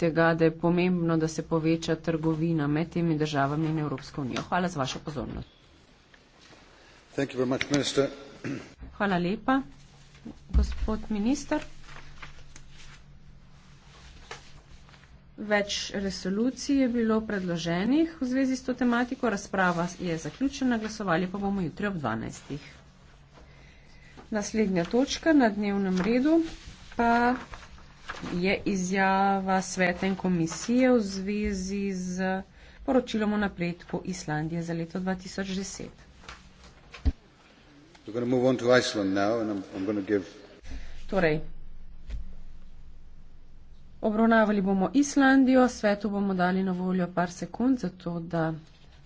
tega, da je pomembno, da se poveča trgovina med temi državami in Evropsko unijo. Hvala za vašo pozornost. Much, Hvala lepa, gospod minister. Več resolucij je bilo predloženih v zvezi s to tematiko. Razprava je zaključena, glasovali pa bomo jutri ob 12. Naslednja točka na dnevnem redu pa je izjava sveten komisije v zvezi z poročilom o napredku Islandije za leto 2010. Torej, obravnavali bomo Islandijo, svetu bomo dali na voljo par sekund, zato da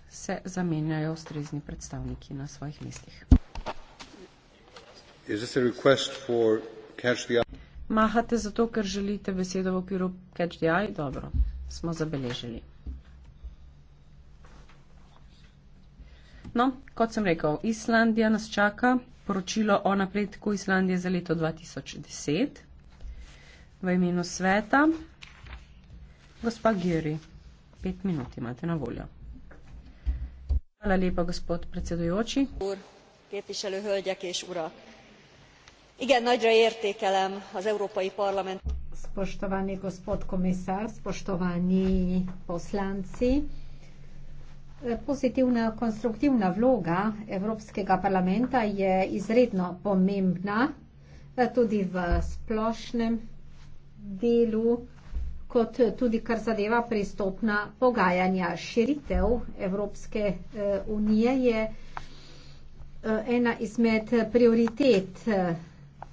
se zamenjajo ustrezni predstavniki na svojih mestih. Mahate zato, ker želite besedo v okviru catch-the-eye? Dobro, smo zabeležili. No, kot sem rekel, Islandija nas čaka poročilo o napredku Islandije za leto 2010 v imenu sveta. Gospa Giri, pet minut imate na voljo. Hvala lepa, gospod predsedujoči. Ur, igen nagyra értékelem az európai parlament. Spoštovani gospod komisar, spoštovani poslanci, pozitivna konstruktivna vloga Evropskega parlamenta je izredno pomembna tudi v splošnem delu, kot tudi kar zadeva pristopna pogajanja. Širitev Evropske eh, unije je eh, ena izmed prioritet eh,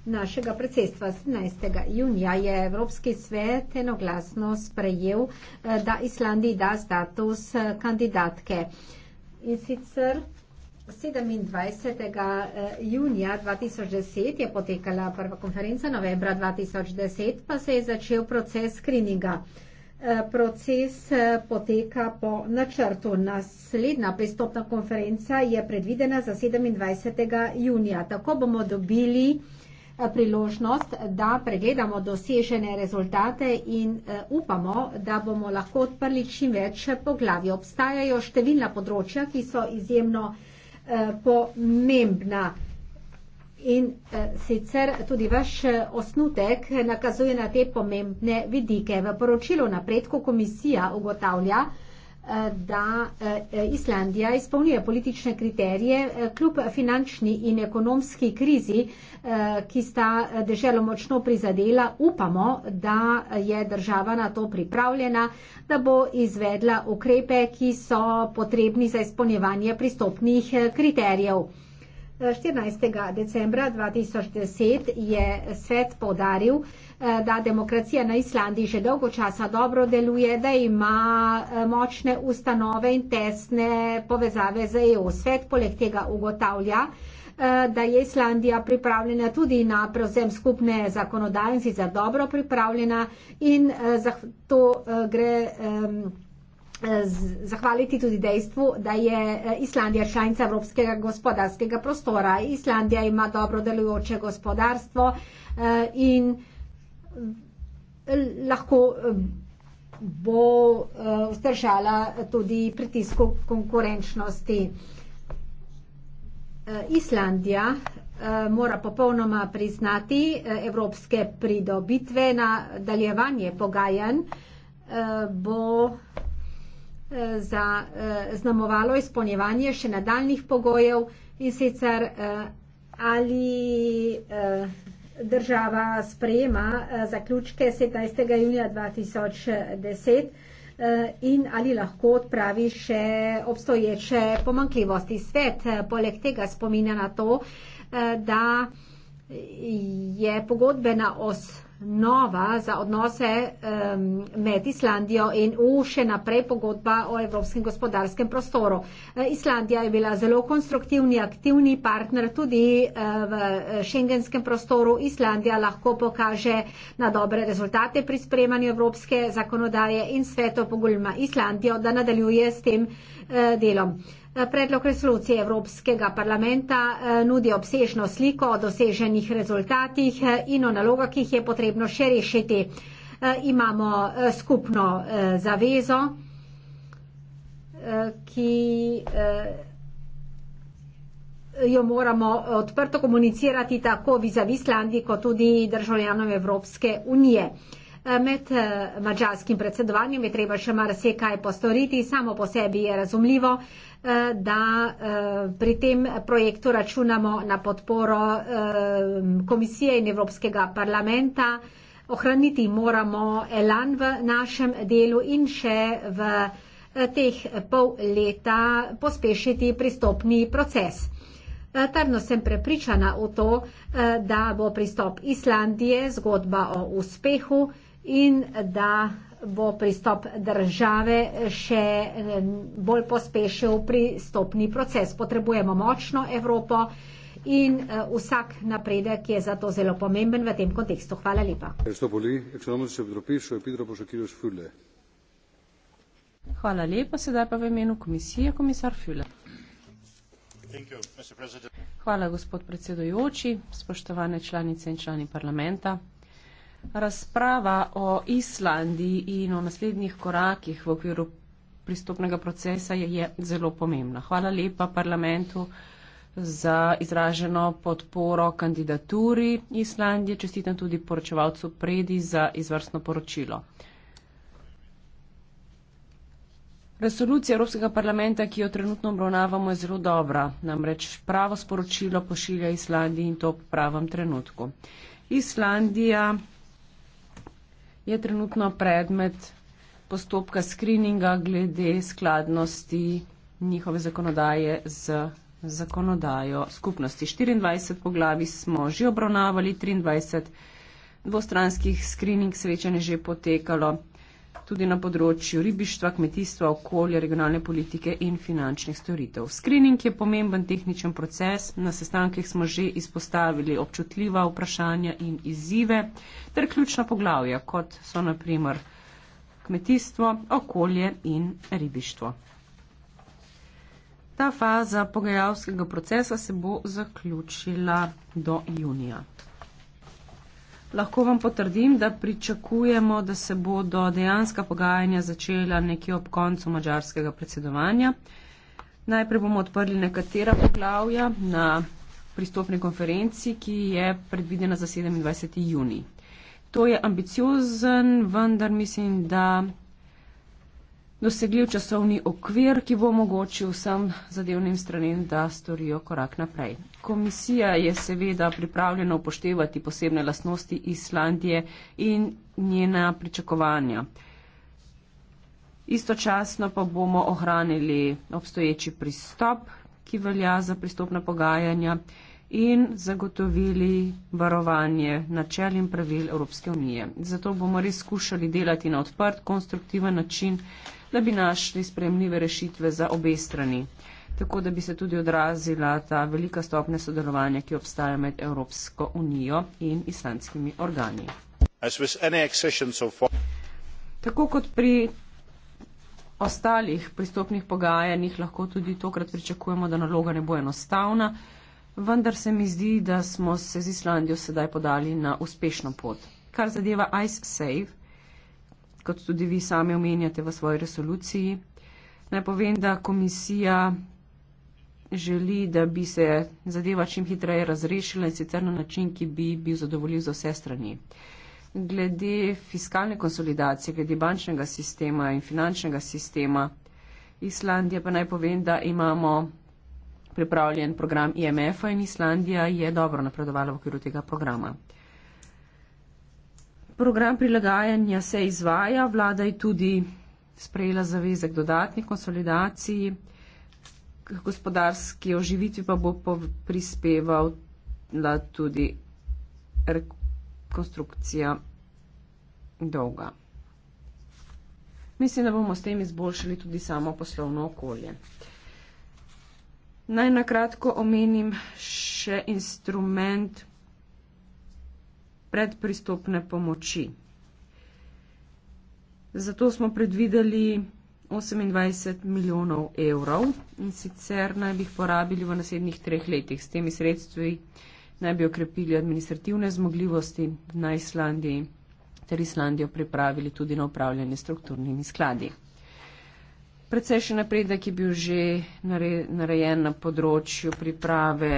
našega predsedstva 17. junija je Evropski svet enoglasno sprejel, eh, da Islandiji da status eh, kandidatke. In sicer 27. Eh, junija 2010 je potekala prva konferenca, novembra 2010 pa se je začel proces screeninga. Proces poteka po načrtu. Naslednja pristopna konferenca je predvidena za 27. junija. Tako bomo dobili Eh, priložnost, da pregledamo dosežene rezultate in eh, upamo, da bomo lahko odprli čim več poglavij. Obstajajo številna področja, ki so izjemno eh, pomembna. In sicer tudi vaš osnutek nakazuje na te pomembne vidike. V poročilu napredku komisija ugotavlja, Eh, da eh, Islandija izpolnjuje politične kriterije eh, kljub finančni in ekonomski krizi, ki sta deželo močno prizadela. Upamo, da je država na to pripravljena, da bo izvedla ukrepe, ki so potrebni za izpolnjevanje pristopnih kriterijev. 14. decembra 2010 je svet podaril, Eh, da demokracija na Islandiji že dolgo časa dobro deluje, da ima eh, močne ustanove in tesne povezave za EU. Svet poleg tega ugotavlja, eh, da je Islandija pripravljena tudi na prevzem skupne zakonodaje in sicer dobro pripravljena in zato gre zahvaliti tudi dejstvu, da je Islandija članica Evropskega gospodarskega prostora. Islandija ima dobro delujoče gospodarstvo in Eh, lahko eh, bo eh, vzdržala tudi pritisku konkurenčnosti. Islandija mora popolnoma priznati evropske pridobitve na daljevanje pogajanj bo za znamovalo izpolnjevanje še nadaljnih pogojev in sicer ali država sprejema eh, zaključke 17. junija 2010 eh, in ali lahko odpravi še obstoječe pomankljivosti. Svet eh, poleg tega spominja na to, da je pogodbena osnova nova za odnose um, med Islandijo in EU še naprej pogodba o evropskem gospodarskem prostoru. E, Islandija je bila zelo konstruktivni, aktivni partner tudi uh, v e, šengenskem prostoru. Islandija lahko pokaže na dobre rezultate pri spremanju evropske zakonodaje in sveto pogulma Islandijo, da nadaljuje s tem uh, delom. Uh, Predlog resolucije Evropskega parlamenta eh, nudi obsežno sliko o doseženih rezultatih eh, in o nalogah, ki jih je potrebno še rešiti. Eh, imamo skupno zavezo, ki jo moramo odprto komunicirati tako vizavi Islandi, kot tudi državljanom Evropske unije. Med mađarskim predsedovanjem je treba še marsikaj postoriti, samo po sebi je razumljivo, Eh, da eh, pri tem projektu računamo na podporo eh, komisije in Evropskega parlamenta. Ohraniti moramo elan v našem delu in še v teh pol leta pospešiti pristopni proces. Trdno sem prepričana v to, da bo pristop Islandije zgodba o uspehu in da bo pristop države še eh, bolj pospešil pristopni proces. Potrebujemo močno Evropo in eh, vsak napredek je zato zelo pomemben v tem kontekstu. Hvala lepa. Hvala lepa. Sedaj pa v imenu komisije komisar Füle. Hvala, gospod predsedojoči, spoštovane članice in člani parlamenta. Razprava o Islandiji in o naslednjih korakih v okviru pristopnega procesa je, je zelo pomembna. Hvala lepa parlamentu za izraženo podporo kandidaturi Islandije. Čestitam tudi poročevalcu Predi za izvrstno poročilo. Resolucija Evropskega parlamenta, ki jo trenutno obravnavamo, je zelo dobra. Namreč pravo sporočilo pošilja Islandiji in to v pravem trenutku. Islandija je trenutno predmet postopka screeninga glede skladnosti njihove zakonodaje z zakonodajo skupnosti. 24 poglavi smo že obravnavali, 23 dvostranskih screening srečanje že potekalo tudi na področju ribištva, kmetijstva, okolja, regionalne politike in finančnih storitev. Skrining je pomemben tehničen proces, na sestankih smo že izpostavili občutljiva vprašanja in izzive ter ključna poglavja, kot so naprimer kmetijstvo, okolje in ribištvo. Ta faza pogajalskega procesa se bo zaključila do junija lahko vam potrdim, da pričakujemo, da se bodo dejanska pogajanja začela nekje ob koncu mađarskega predsedovanja. Najprej bomo odprli nekatera poglavja na pristopni konferenci, ki je predvidena za 27. juni. To je ambiciozen, vendar mislim, da dosegljiv časovni okvir, ki bo omogočil vsem zadevnim stranem, da storijo korak naprej. Komisija je seveda pripravljena upoštevati posebne lastnosti Islandije in njena pričakovanja. Istočasno pa bomo ohranili obstoječi pristop, ki velja za pristopna pogajanja in zagotovili varovanje načel in pravil Evropske unije. Zato bomo res skušali delati na odprt, konstruktiven način da bi našli spremljive rešitve za obe strani, tako da bi se tudi odrazila ta velika stopnja sodelovanja, ki obstaja med Evropsko unijo in islandskimi organi. Tako kot pri ostalih pristopnih pogajanjih lahko tudi tokrat pričakujemo, da naloga ne bo enostavna, vendar se mi zdi, da smo se z Islandijo sedaj podali na uspešno pot. Kar zadeva Ice Save, kot tudi vi sami omenjate v svoji resoluciji. Naj povem, da komisija želi, da bi se zadeva čim hitreje razrešila in sicer na način, ki bi bil zadovoljiv za vse strani. Glede fiskalne konsolidacije, glede bančnega sistema in finančnega sistema Islandije, pa naj povem, da imamo pripravljen program IMF-a in Islandija je dobro napredovala v okviru tega programa. Program prilagajanja se izvaja, vlada je tudi sprejela zaveze k dodatni konsolidaciji, k gospodarski oživitvi pa bo prispevala tudi rekonstrukcija dolga. Mislim, da bomo s tem izboljšali tudi samo poslovno okolje. Naj nakratko omenim še instrument predpristopne pomoči. Zato smo predvideli 28 milijonov evrov in sicer naj bi jih porabili v naslednjih treh letih. S temi sredstvi naj bi okrepili administrativne zmogljivosti na Islandiji ter Islandijo pripravili tudi na upravljanje strukturnimi skladi. Predsej še napredek je bil že narejen na področju priprave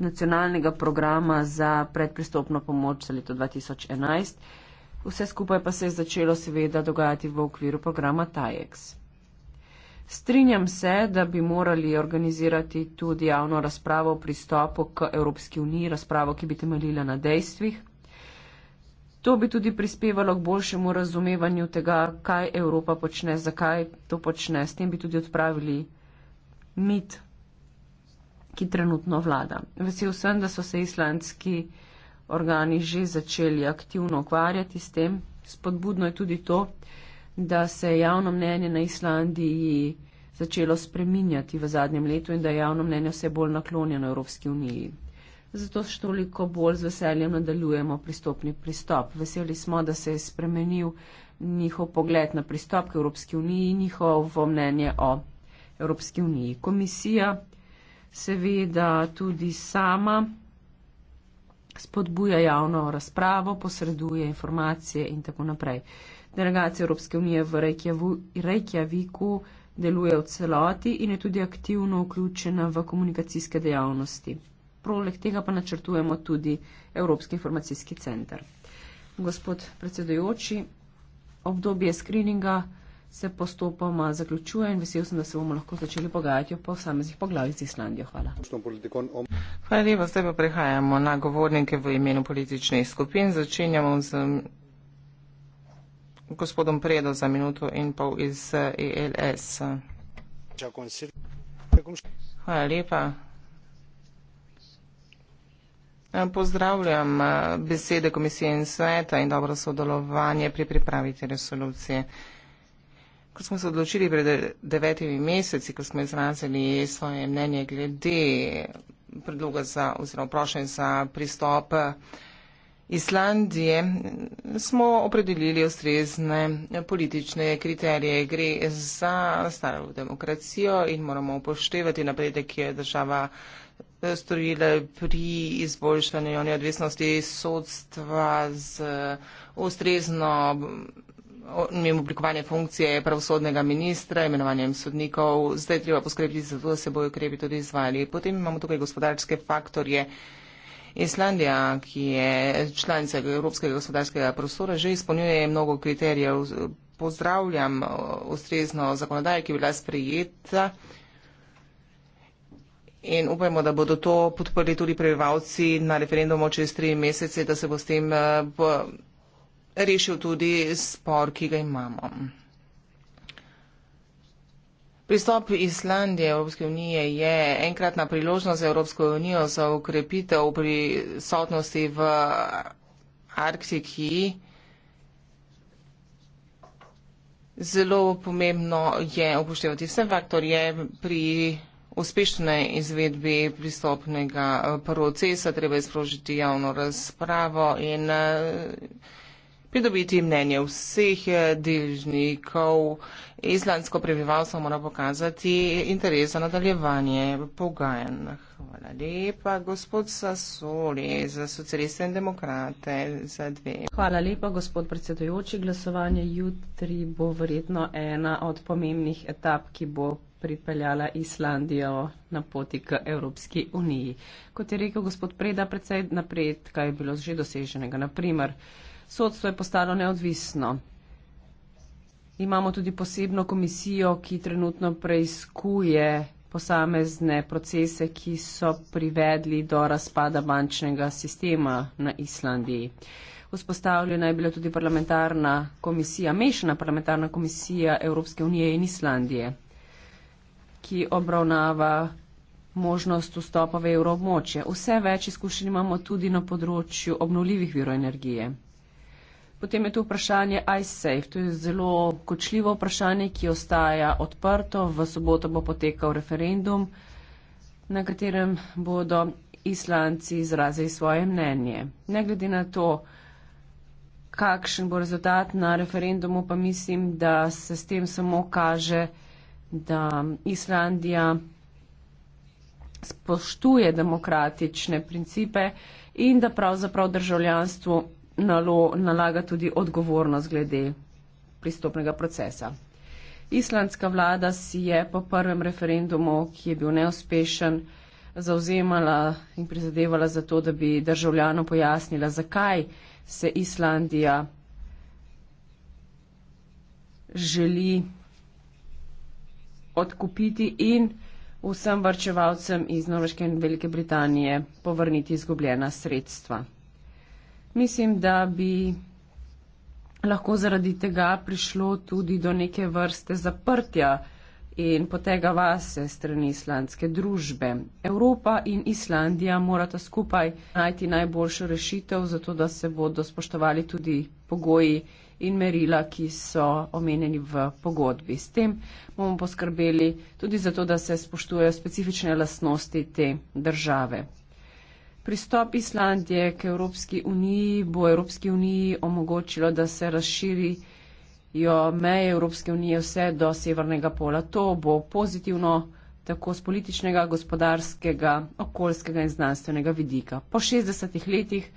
nacionalnega programa za predpristopno pomoč za leto 2011. Vse skupaj pa se je začelo seveda dogajati v okviru programa TAEX. Strinjam se, da bi morali organizirati tudi javno razpravo o pristopu k Evropski uniji, razpravo, ki bi temeljila na dejstvih. To bi tudi prispevalo k boljšemu razumevanju tega, kaj Evropa počne, zakaj to počne. S tem bi tudi odpravili mit ki trenutno vlada. Vesel sem, da so se islandski organi že začeli aktivno ukvarjati s tem. Spodbudno je tudi to, da se je javno mnenje na Islandiji začelo spreminjati v zadnjem letu in da je javno mnenje vse bolj naklonjeno Evropski uniji. Zato še toliko bolj z veseljem nadaljujemo pristopni pristop. Veseli smo, da se je spremenil njihov pogled na pristop k Evropski uniji in njihovo mnenje o Evropski uniji. Komisija seveda tudi sama spodbuja javno razpravo, posreduje informacije in tako naprej. Delegacija Evropske unije v Reykjaviku deluje v celoti in je tudi aktivno vključena v komunikacijske dejavnosti. Proleg tega pa načrtujemo tudi Evropski informacijski center. Gospod predsedujoči, obdobje skrininga se postopoma zaključuje in vesel sem, da se bomo lahko začeli pogajati o posameznih poglavjih z Islandijo. Hvala. Hvala lepa, zdaj pa prehajamo na govornike v imenu političnih skupin. Začenjamo z gospodom Predo za minuto in pol iz ELS. Hvala lepa. Pozdravljam eh, besede komisije in sveta in dobro sodelovanje pri pripravi te resolucije ko smo se odločili pred devetimi meseci, ko smo izrazili svoje mnenje glede predloga za, oziroma prošen za pristop Islandije, smo opredelili ustrezne politične kriterije. Gre za staro demokracijo in moramo upoštevati napredek, ki je država eh, storile pri izboljšanju neodvisnosti sodstva z ustrezno njim oblikovanje funkcije pravosodnega ministra, imenovanjem sodnikov. Zdaj treba poskrbiti za to, da se bojo ukrepi tudi izvali. Potem imamo tukaj gospodarske faktorje. Islandija, ki je članica Evropskega gospodarskega prostora, že izpolnjuje mnogo kriterijev. Pozdravljam ustrezno zakonodajo, ki je bila sprejeta in upajmo, da bodo to podprli tudi prebivalci na referendumu čez tri mesece, da se bo s tem. Eh, bo rešil tudi spor, ki ga imamo. Pristop Islandije Evropske unije je enkratna priložnost za Evropsko unijo za ukrepitev prisotnosti v Arktiki. Zelo pomembno je upoštevati vse faktorje pri uspešne izvedbi pristopnega procesa. Treba je sprožiti javno razpravo in uh, pridobiti mnenje vseh eh, deležnikov. Islandsko prebivalstvo mora pokazati interes za nadaljevanje pogajanj. Hvala lepa, gospod Sasoli, za socialiste in demokrate, za dve. Hvala lepa, gospod predsedujoči. Glasovanje jutri bo verjetno ena od pomembnih etap, ki bo pripeljala Islandijo na poti k Evropski uniji. Kot je rekel gospod Preda, predsed napredka je bilo že doseženega. Naprimer, sodstvo je postalo neodvisno. Imamo tudi posebno komisijo, ki trenutno preizkuje posamezne procese, ki so privedli do razpada bančnega sistema na Islandiji. Vzpostavljena je bila tudi parlamentarna komisija, mešana parlamentarna komisija Evropske unije in Islandije, ki obravnava možnost vstopa v evroobmočje. Vse več izkušenj imamo tudi na področju obnovljivih virov energije. Potem je tu vprašanje ISAFE. To je zelo kočljivo vprašanje, ki ostaja odprto. V soboto bo potekal referendum, na katerem bodo islanci izrazili svoje mnenje. Ne glede na to, kakšen bo rezultat na referendumu, pa mislim, da se s tem samo kaže, da Islandija spoštuje demokratične principe in da pravzaprav državljanstvo nalo, nalaga tudi odgovornost glede pristopnega procesa. Islandska vlada si je po prvem referendumu, ki je bil neuspešen, zauzemala in prizadevala za to, da bi državljano pojasnila, zakaj se Islandija želi odkupiti in vsem vrčevalcem iz Norveške in Velike Britanije povrniti izgubljena sredstva mislim, da bi lahko zaradi tega prišlo tudi do neke vrste zaprtja in potega vase strani islandske družbe. Evropa in Islandija morata skupaj najti najboljšo rešitev, zato da se bodo spoštovali tudi pogoji in merila, ki so omenjeni v pogodbi. S tem bomo poskrbeli tudi zato, da se spoštujejo specifične lasnosti te države. Pristop Islandije k Evropski uniji bo Evropski uniji omogočilo, da se razširijo meje Evropske unije vse do Severnega pola. To bo pozitivno tako z političnega, gospodarskega, okoljskega in znanstvenega vidika. Po 60 letih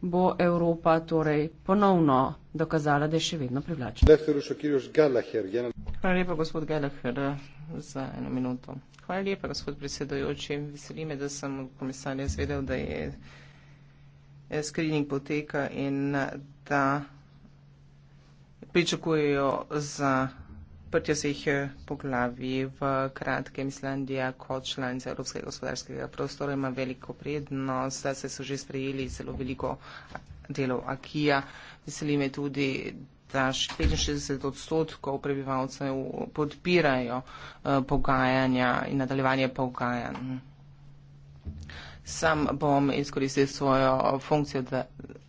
bo Evropa torej ponovno dokazala, da je še vedno privlačna. Hvala lepa, gospod Gallagher, za eno minuto. Hvala lepa, gospod predsedojoči. Veseli me, da sem od komisarja zvedel, da je eh, screening poteka in eh, da pričakujejo za. Odprtje se jih eh, poglavi v kratkem Islandija kot članica Evropskega gospodarskega prostora ima veliko prednost, da se so že sprejeli zelo veliko delov Akija. Veseli me tudi, da 65 odstotkov prebivalcev podpirajo eh, pogajanja in nadaljevanje pogajanj. Sam bom izkoristil svojo funkcijo da,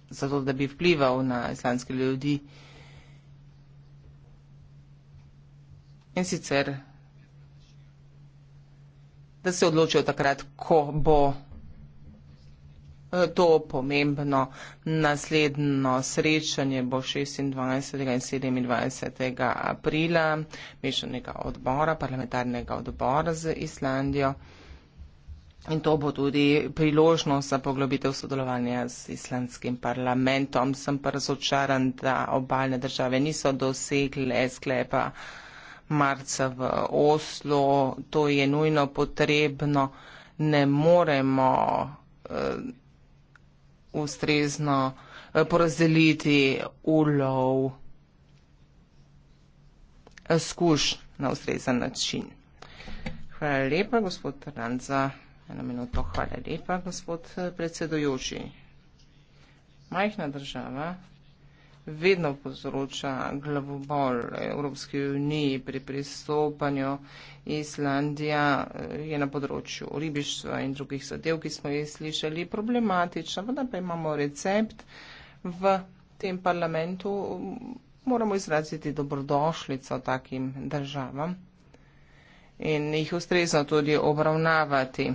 zato, da bi vplival na islandske ljudi. In sicer, da se odločijo takrat, ko bo eh, to pomembno. Naslednjo srečanje bo 26. in 27. aprila mešanega odbora, parlamentarnega odbora z Islandijo. In to bo tudi priložnost za poglobitev sodelovanja z islandskim parlamentom. Sem pa razočaran, da obaljne države niso dosegle sklepa marca v Oslo, to je nujno potrebno, ne moremo uh, ustrezno eh, porazdeliti ulov eh, skuš na ustrezen način. Hvala lepa, gospod Rand, za eno minuto. Hvala lepa, gospod predsedujoči. Majhna država, vedno povzroča glavobol Evropske unije pri pristopanju. Islandija eh, je na področju ribištva in drugih zadev, ki smo jih slišali, problematična, vendar pa imamo recept v tem parlamentu. Moramo izraziti dobrodošljico takim državam in jih ustrezno tudi obravnavati.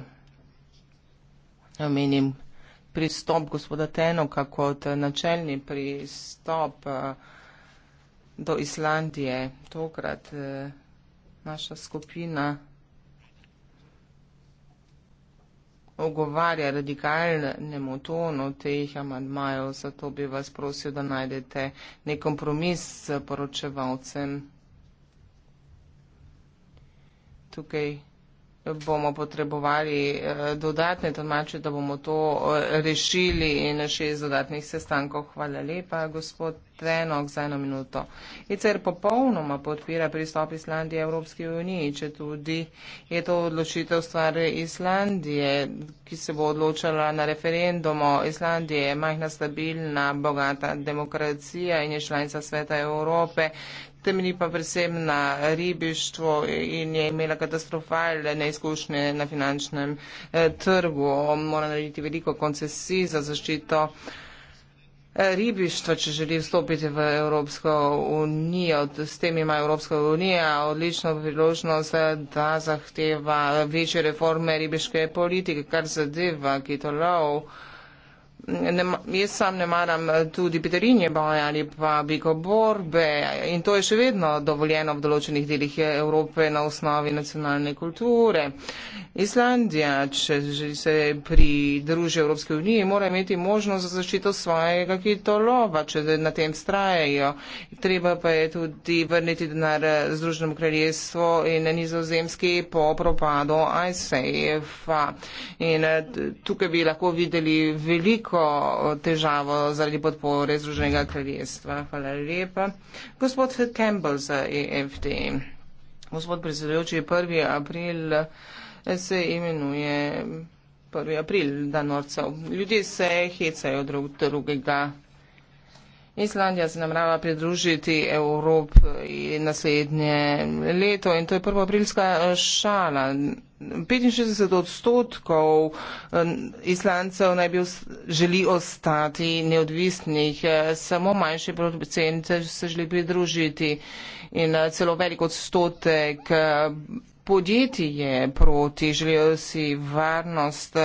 Omenim, pristop gospoda Tenoka kot načelni pristop eh, do Islandije. Tokrat eh, naša skupina ogovarja radikalnemu tonu teh amadmajev, zato bi vas prosil, da najdete nek kompromis s poročevalcem. Tukaj bomo potrebovali eh, dodatne tlmače, da bomo to eh, rešili in na šest dodatnih sestankov. Hvala lepa, gospod Trenok, za eno minuto. ICR popolnoma podpira pristop Islandije Evropski uniji, če tudi je to odločitev stvar Islandije, ki se bo odločala na referendumu. Islandije je majhna, stabilna, bogata demokracija in je članica sveta Evrope temelji pa predvsem na ribištvu in je imela katastrofalne izkušnje na finančnem eh, trgu. Mora narediti veliko koncesij za zaščito eh, ribištva, če želi vstopiti v Evropsko unijo. S tem ima Evropska unija odlično priložnost, eh, da zahteva večje reforme ribiške politike, kar zadeva kitolov ne, jaz sam ne maram eh, tudi piterinje boje ali pa bikoborbe in to je še vedno dovoljeno v določenih delih Evrope na osnovi nacionalne kulture. Islandija, če se pridruži Evropske unije, mora imeti možnost za zaščito svojega kitolova, če na tem strajajo. Treba pa je tudi vrniti denar eh, Združenemu kraljestvu in nizozemski po propadu ISAF-a. E in eh, tukaj bi lahko videli veliko veliko težavo zaradi podpore Združenega kraljestva. Hvala lepa. Gospod Campbell za EFT. Gospod predsedujoči, 1. april se imenuje 1. april, dan norcev. Ljudje se hecajo drug drugega. Islandija se namrava pridružiti Evropi naslednje leto in to je 1. aprilska eh, šala. 65 odstotkov eh, Islancev naj bi želi ostati neodvisnih, eh, samo manjši procent se želi pridružiti in celo velik odstotek. Podjetje je proti, želijo si varnost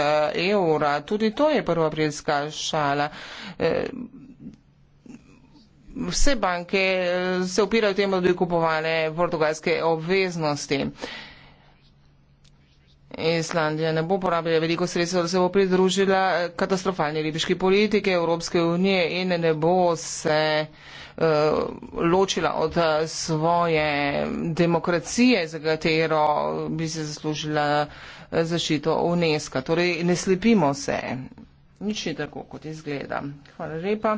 evra, tudi to je prva aprilska šala. E, vse banke eh, se upirajo temu, da bi kupovali portugalske obveznosti. Islandija ne bo porabila veliko sredstev, da se bo pridružila eh, katastrofalni ribiški politike Evropske unije in ne bo se uh, ločila od svoje demokracije, za katero bi se zaslužila zaščito UNESCO. Torej, ne slepimo se. Nič ni tako, kot izgleda. Hvala lepa.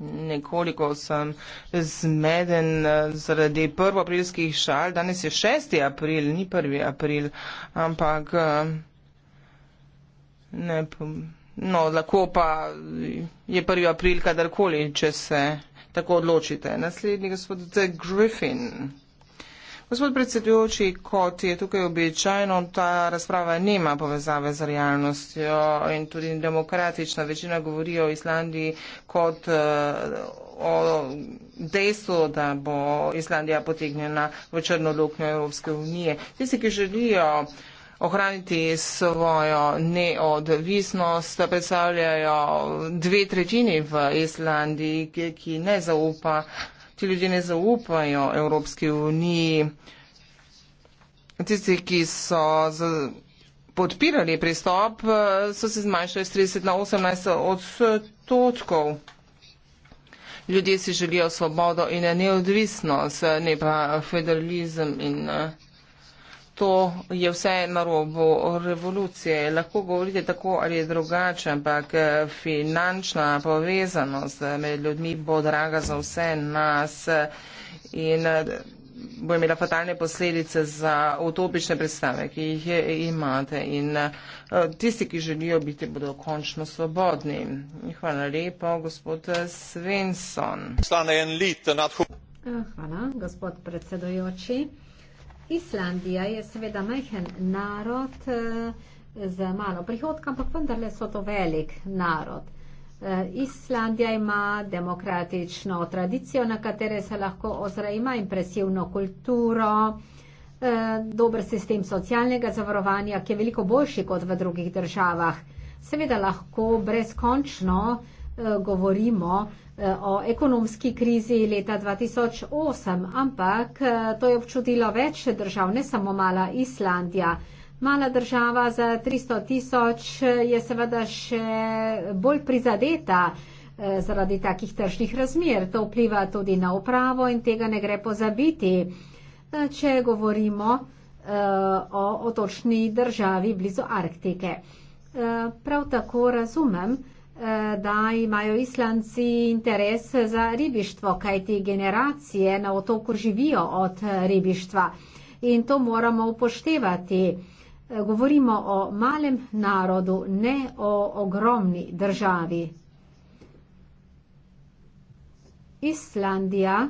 Nekoliko sem zmeden eh, zaradi prvoaprilskih šal. Danes je 6. april, ni 1. april, ampak eh, ne, no, lahko pa je 1. april kadarkoli, če se tako odločite. Naslednji gospod The Griffin. Gospod predsedujoči, kot je tukaj običajno, ta razprava nima povezave z realnostjo in tudi demokratična večina govori o Islandiji kot eh, o dejstvu, da bo Islandija potegnjena v črno luknjo Evropske unije. Tisti, ki želijo ohraniti svojo neodvisnost, predstavljajo dve tretjini v Islandiji, ki ne zaupa ti ljudje ne zaupajo Evropski uniji. Tisti, ki so podpirali pristop, so se zmanjšali z 30 na 18 odstotkov. Ljudje si želijo svobodo in neodvisnost, ne pa federalizem in. Uh, to je vse na robu revolucije. Lahko govorite tako ali drugače, ampak eh, finančna povezanost eh, med ljudmi bo draga za vse nas eh, in bo imela fatalne posledice za utopične predstave, ki jih imate in tisti, ki želijo biti, bodo končno svobodni. Hvala lepo, gospod Svensson. Hvala, gospod predsedojoči. Islandija je seveda majhen narod eh, z malo prihodka, ampak vendarle so to velik narod. Eh, Islandija ima demokratično tradicijo, na katere se lahko ozre, ima impresivno kulturo, eh, dober sistem socialnega zavarovanja, ki je veliko boljši kot v drugih državah. Seveda lahko brezkončno Eh, govorimo eh, o ekonomski krizi leta 2008, ampak eh, to je občutilo več držav, ne samo mala Islandija. Mala država za 300 tisoč je seveda še bolj prizadeta zaradi takih tržnih razmer. To vpliva tudi na upravo in tega ne gre pozabiti, če govorimo o otočni državi blizu Arktike. Prav tako razumem, da imajo islanci interes za ribištvo, kaj te generacije na otoku živijo od ribištva. In to moramo upoštevati. Govorimo o malem narodu, ne o ogromni državi. Islandija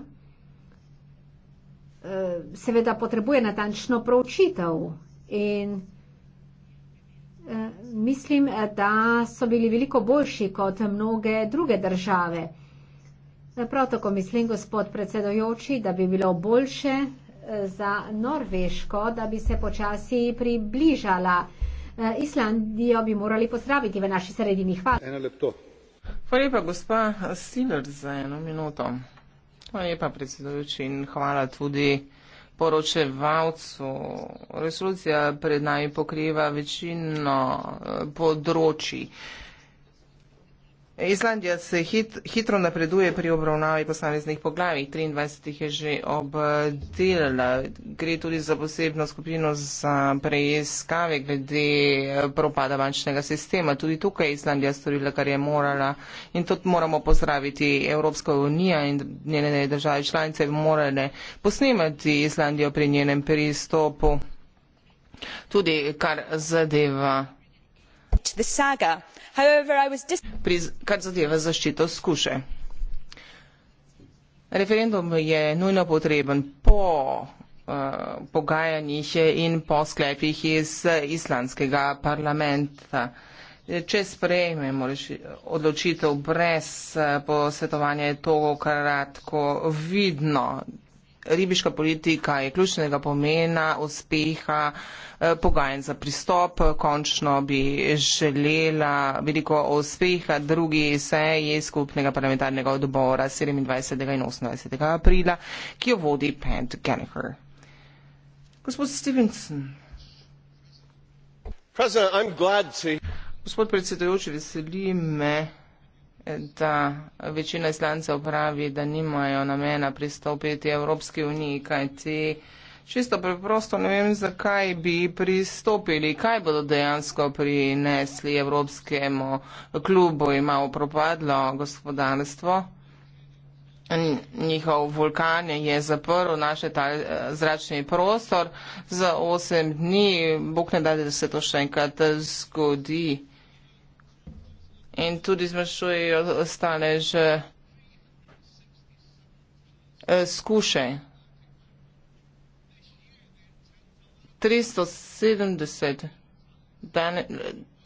eh, seveda potrebuje natančno pročitev in Eh, mislim, eh, da so bili veliko boljši kot mnoge druge države. Eh, prav tako mislim, gospod predsedojoči, da bi bilo boljše za Norveško, da bi se počasi približala. Islandijo bi morali pozdraviti v naši sredini. Hvala. Eno lepto. Hvala lepa, gospa Sinner, za eno minuto. Hvala lepa, predsedujoči, in hvala tudi poročevalcu. Resolucija pred nami pokriva večino eh, področji. Islandija se hit, hitro napreduje pri obravnavi posameznih poglavij. 23 jih je že obdelala. Gre tudi za posebno skupino za preiskave glede eh, propada bančnega sistema. Tudi tukaj je Islandija storila, kar je morala. In to moramo pozdraviti. Evropska unija in njene države članice bi morale posnemati Islandijo pri njenem pristopu. Tudi kar zadeva kar zadeva zaščito skuše. Referendum je nujno potreben po eh, pogajanjih in po sklepih iz islandskega parlamenta. Če sprejmemo odločitev brez eh, posvetovanja, je to kratko vidno, ribiška politika je ključnega pomena, uspeha, eh, pogajen za pristop. Končno bi želela veliko uspeha drugi seji skupnega parlamentarnega odbora 27. in 28. aprila, ki jo vodi Pat Gallagher. Gospod Stevenson. Gospod predsedujoči, veseli me da večina islancev pravi, da nimajo namena pristopiti Evropski uniji, kaj ti čisto preprosto ne vem, zakaj bi pristopili, kaj bodo dejansko prinesli Evropskemu klubu, ima upropadlo gospodarstvo. Njihov vulkan je zaprl naš zračni prostor za osem dni. Bog ne da, da se to še enkrat zgodi in tudi zmanjšujejo ostale že skušaj. 370, dan,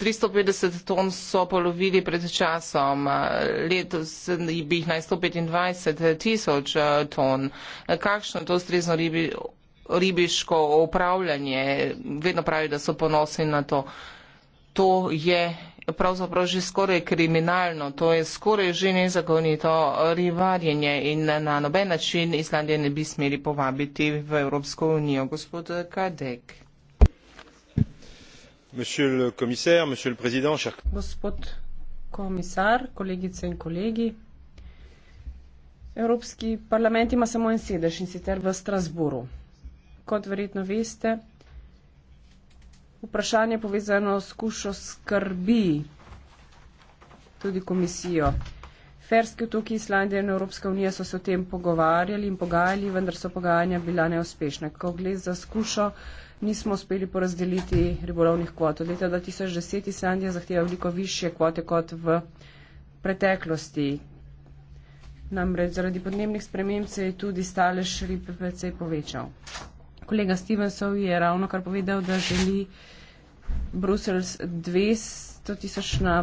350 eh, ton so polovili pred časom, eh, letos bi jih naj 125 tisoč eh, ton. Kakšno je to strezno ribi, ribiško upravljanje? Vedno pravi, da so ponosni na to. To je pravzaprav že skoraj kriminalno, to je skoraj že nezakonito rivarjenje in na noben način Islandije ne bi smeli povabiti v Evropsko unijo. Gospod Kadek. Gospod komisar, kolegice in kolegi, Evropski parlament ima samo en sedež in sicer v Strasburu. Kot verjetno veste, vprašanje povezano s kušo skrbi tudi komisijo. Ferski otoki Islandije in Evropska unija so se o tem pogovarjali in pogajali, vendar so pogajanja bila neuspešna. Ko gre za skušo, nismo uspeli porazdeliti ribolovnih kvot. Od leta 2010 Islandija zahteva veliko više kvote kot v preteklosti. Namreč zaradi podnebnih sprememb se je tudi stalež ribe precej povečal. Kolega Stevensov je ravno kar povedal, da želi. Bruselj 200 tisoč na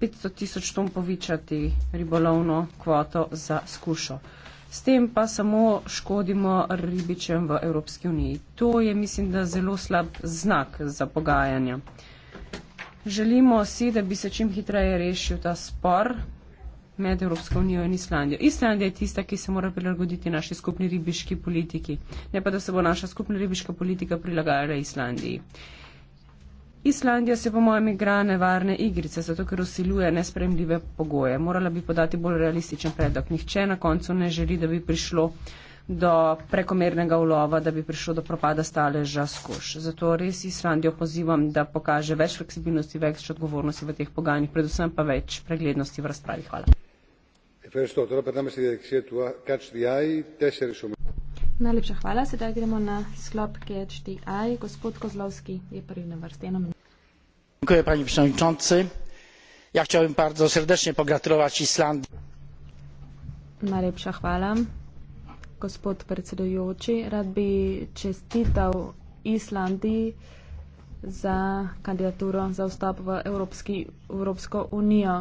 500 tisoč ton povičati ribolovno kvoto za skušo. S tem pa samo škodimo ribičem v Evropski uniji. To je, mislim, da zelo slab znak za pogajanja. Želimo si, da bi se čim hitreje rešil ta spor, med Evropsko unijo in Islandijo. Islandija je tista, ki se mora prilagoditi naši skupni ribiški politiki, ne pa da se bo naša skupna ribiška politika prilagajala Islandiji. Islandija se po mojem igra nevarne igrice, zato ker usiljuje nespremljive pogoje. Morala bi podati bolj realističen predlog. Nihče na koncu ne želi, da bi prišlo do prekomernega ulova, da bi prišlo do propada staleža skoš. Zato res Islandijo pozivam, da pokaže več fleksibilnosti, več odgovornosti v teh pogajanjih, predvsem pa več preglednosti v razpravi. Hvala. Najlepša hvala. Sedaj gremo na sklop GHDI. Gospod Kozlovski je prvi na vrsti. Dziękuję panie przewodniczący. Ja chciałbym bardzo serdecznie pogratulować Islandii. Najlepsza chwała. Gospod przewodniczący, radby czestitał Islandii za kandydaturę za wstęp w Europejską Unię.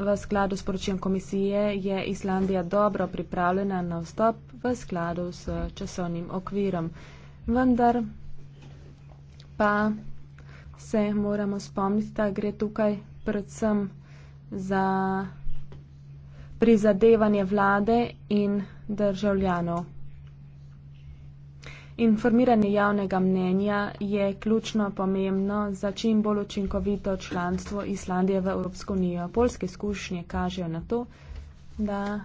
V skladu s poročilom komisije je Islandija dobro pripravljena na vstop v skladu s časovnim okvirom. Vendar pa se moramo spomniti, da gre tukaj predvsem za prizadevanje vlade in državljanov. Informiranje javnega mnenja je ključno pomembno za čim bolj učinkovito članstvo Islandije v Evropsko unijo. Polske izkušnje kažejo na to, da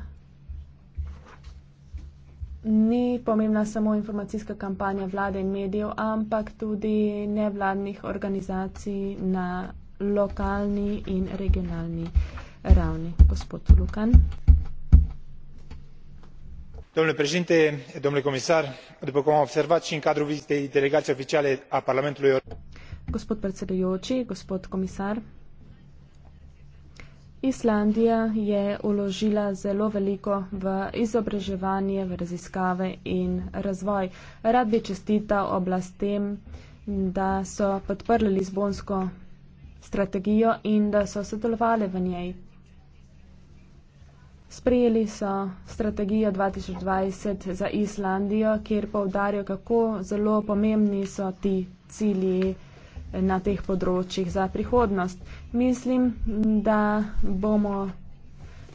ni pomembna samo informacijska kampanja vlade in medijev, ampak tudi nevladnih organizacij na lokalni in regionalni ravni. Gospod Lukan după cum am observat i în cadrul vizitei delegaiei oficiale a parlamentului european islandia je vložila zelo veliko v izobraževanje v raziskave in razvoj. rad bi čestital oblastem da so podprli lizbonsko strategijo in da so sodelovali v njej. Sprejeli so strategijo 2020 za Islandijo, kjer povdarjajo, kako zelo pomembni so ti cilji na teh področjih za prihodnost. Mislim, da bomo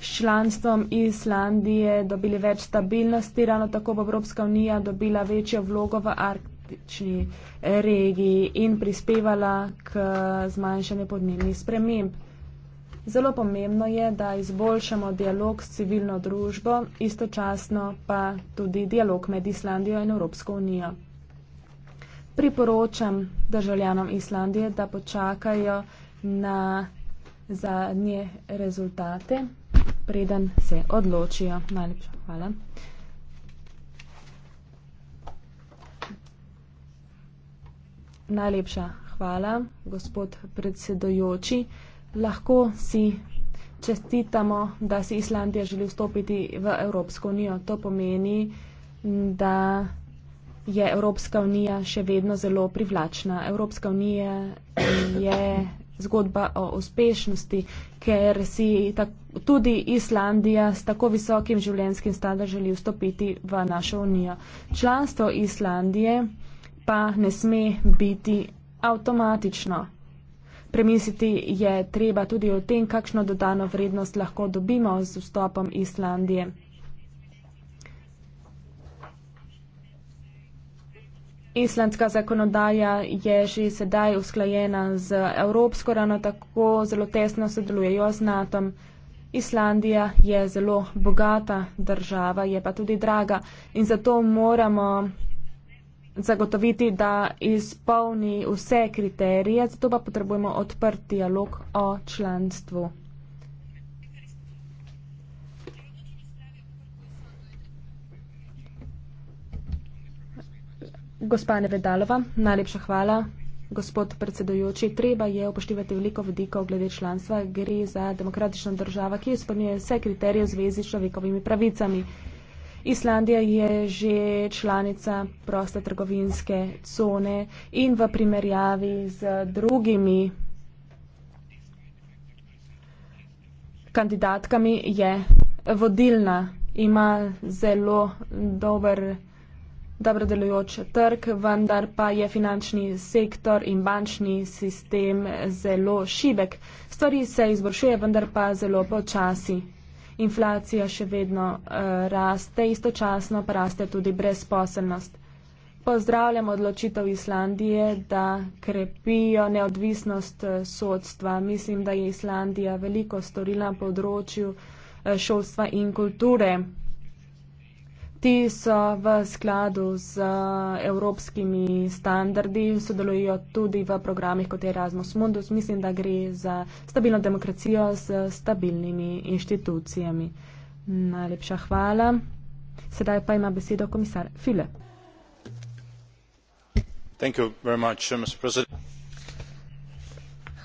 s članstvom Islandije dobili več stabilnosti, ravno tako bo Evropska unija dobila večjo vlogo v arktični regiji in prispevala k zmanjšanju podnebnih sprememb. Zelo pomembno je, da izboljšamo dialog s civilno družbo, istočasno pa tudi dialog med Islandijo in Evropsko unijo. Priporočam državljanom Islandije, da počakajo na zadnje rezultate, preden se odločijo. Najlepša hvala. Najlepša hvala, gospod predsedojoči lahko si čestitamo, da si Islandija želi vstopiti v Evropsko unijo. To pomeni, da je Evropska unija še vedno zelo privlačna. Evropska unija je zgodba o uspešnosti, ker si tak, tudi Islandija s tako visokim življenjskim standardom želi vstopiti v našo unijo. Članstvo Islandije pa ne sme biti avtomatično. Premisliti je treba tudi o tem, kakšno dodano vrednost lahko dobimo z vstopom Islandije. Islandska zakonodaja je že sedaj usklajena z Evropsko, ravno tako zelo tesno sodelujejo z NATO. Islandija je zelo bogata država, je pa tudi draga in zato moramo zagotoviti, da izpolni vse kriterije, zato pa potrebujemo odprt dialog o članstvu. Gospane Vedalova, najlepša hvala. Gospod predsedujoči, treba je upoštevati veliko vidikov glede članstva. Gre za demokratično državo, ki izpolnjuje vse kriterije v zvezi s človekovimi pravicami. Islandija je že članica proste trgovinske cone in v primerjavi z drugimi kandidatkami je vodilna, ima zelo dober, dobro delujoč trg, vendar pa je finančni sektor in bančni sistem zelo šibek. Stvari se izboljšuje, vendar pa zelo počasi inflacija še vedno uh, raste, istočasno pa raste tudi brezposelnost. Pozdravljam odločitev Islandije, da krepijo neodvisnost eh, sodstva. Mislim, da je Islandija veliko storila na področju eh, šolstva in kulture. Ti so v skladu z eh, evropskimi standardi in sodelujo tudi v programih kot Erasmus Mundus. Mislim, da gre za stabilno demokracijo z stabilnimi inštitucijami. Najlepša hvala. Sedaj pa ima besedo komisar File. Uh,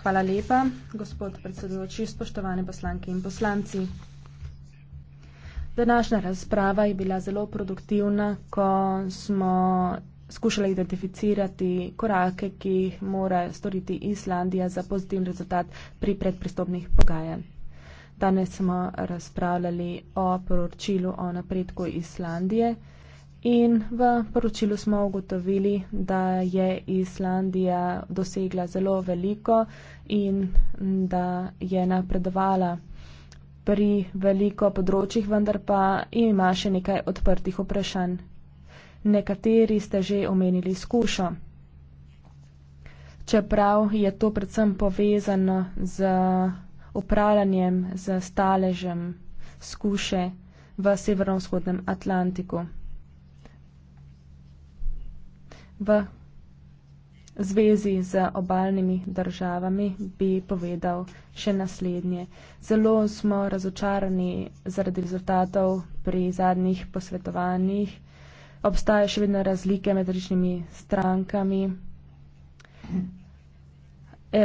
hvala lepa, gospod predsedujoči, spoštovane poslanke in poslanci. Današnja razprava je bila zelo produktivna, ko smo skušali identificirati korake, ki jih mora storiti Islandija za pozitiv rezultat pri predpristopnih pogajanj. Danes smo razpravljali o poročilu o napredku Islandije in v poročilu smo ugotovili, da je Islandija dosegla zelo veliko in da je napredovala pri veliko področjih, vendar pa ima še nekaj odprtih vprašanj. Nekateri ste že omenili skušo. Čeprav je to predvsem povezano z upravljanjem, z staležem skuše v severno-vzhodnem Atlantiku. V zvezi z obaljnimi državami bi povedal še naslednje. Zelo smo razočarani zaradi rezultatov pri zadnjih posvetovanjih. Obstajajo še vedno razlike med različnimi strankami.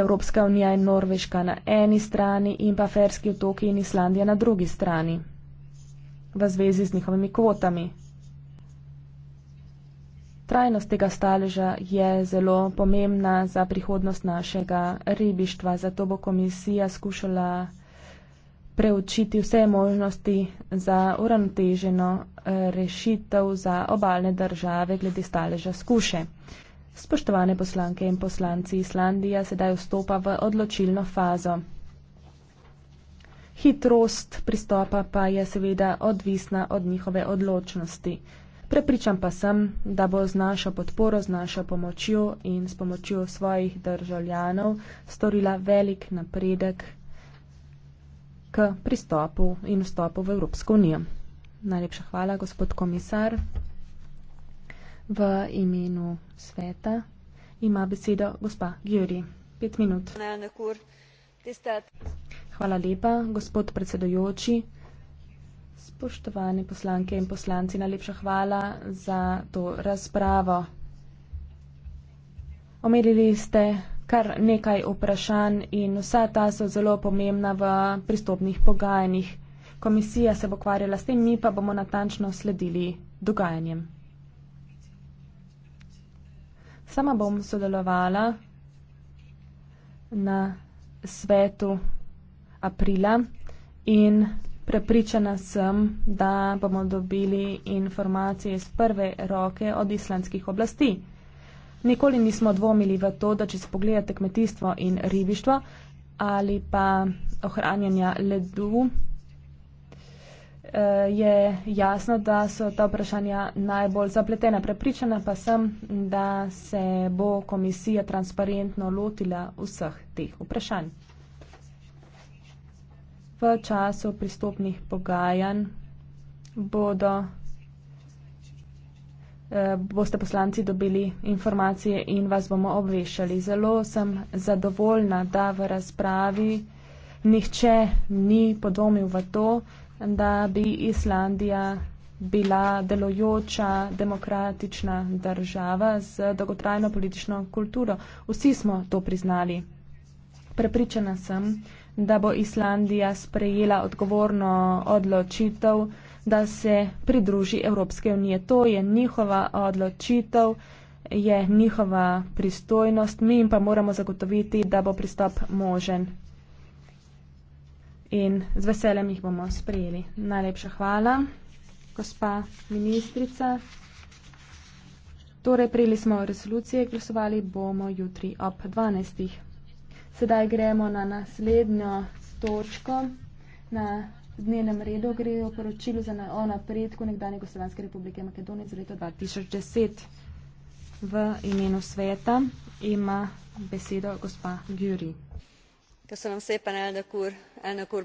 Evropska unija in Norveška na eni strani in pa Ferski otoki in Islandija na drugi strani v zvezi z njihovimi kvotami trajnost tega staleža je zelo pomembna za prihodnost našega ribištva. Zato bo komisija skušala preučiti vse možnosti za uravnoteženo eh, rešitev za obalne države glede staleža skuše. Spoštovane poslanke in poslanci, Islandija sedaj vstopa v odločilno fazo. Hitrost pristopa pa je seveda odvisna od njihove odločnosti. Prepričan pa sem, da bo z našo podporo, z našo pomočjo in s pomočjo svojih državljanov storila velik napredek k pristopu in vstopu v Evropsko unijo. Najlepša hvala, gospod komisar. V imenu sveta ima besedo gospa Gjuri. Pet minut. Hvala lepa, gospod predsedojoči. Spoštovani poslanke in poslanci, najlepša hvala za to razpravo. Omedili ste kar nekaj vprašanj in vsa ta so zelo pomembna v pristopnih pogajanjih. Komisija se bo kvarjala s tem, mi pa bomo natančno sledili dogajanjem. Sama bom sodelovala na svetu aprila in Prepričana sem, da bomo dobili informacije iz prve roke od islandskih oblasti. Nikoli nismo dvomili v to, da če se pogledate kmetijstvo in ribištvo ali pa ohranjanja ledu, eh, je jasno, da so ta vprašanja najbolj zapletena. Prepričana pa sem, da se bo komisija transparentno lotila vseh teh vprašanj v času pristopnih pogajanj bodo, eh, boste poslanci dobili informacije in vas bomo obveščali. Zelo sem zadovoljna, da v razpravi nihče ni podomil v to, da bi Islandija bila delojoča demokratična država z dolgotrajno politično kulturo. Vsi smo to priznali. Prepričana sem, da bo Islandija sprejela odgovorno odločitev, da se pridruži Evropske unije. To je njihova odločitev, je njihova pristojnost, mi jim pa moramo zagotoviti, da bo pristop možen. In z veseljem jih bomo sprejeli. Najlepša hvala, gospa ministrica. Torej, prijeli smo resolucije, glasovali bomo jutri ob 12. Sedaj gremo na naslednjo točko. Na dnevnem redu gre o poročilu za na, o napredku nekdanje Jugoslavijske republike Makedonije za leto 2010. V imenu sveta ima besedo gospa Gjuri. Ker sem vam sepan, Elnakur.